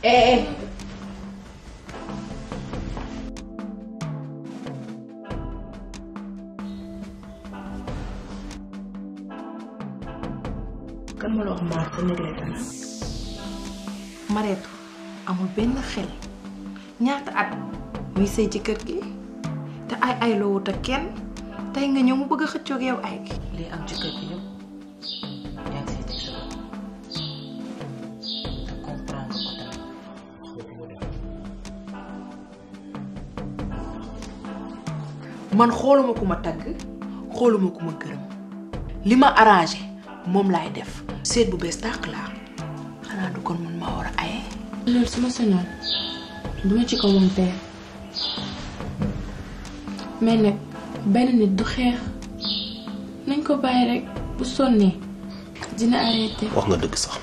É. Eh, eh. kan ma la mareetu amul benn xel ñaata at muy sëy ci kër gi te ay ay ak kenn tey nga ñëw mu bëgg a xëccoog ay lii am ci gi yëpp man xooluma ku ma tagg xooluma ku ma gërëm li ma arrange moom laay def seet bu bees tàq laa xanaa du kon mun maa war a aye loolu su ma sañoon duma ci ko woon tey mais nag benn nit du xeex nañ ko bàyyi rek bu sonnee dina arrêté wax nga dëgg sax